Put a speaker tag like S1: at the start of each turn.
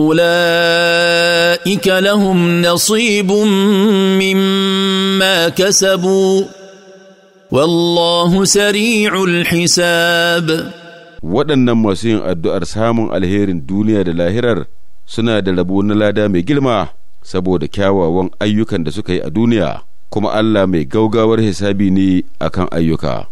S1: اولئك لهم نصيب
S2: مما كسبوا والله سريع الحساب waɗannan masu yin addu'ar samun alherin duniya da lahirar suna da rabo na lada mai girma saboda kyawawan ayyukan da suka yi a duniya kuma Allah mai gaugawar hisabi ne akan ayyuka.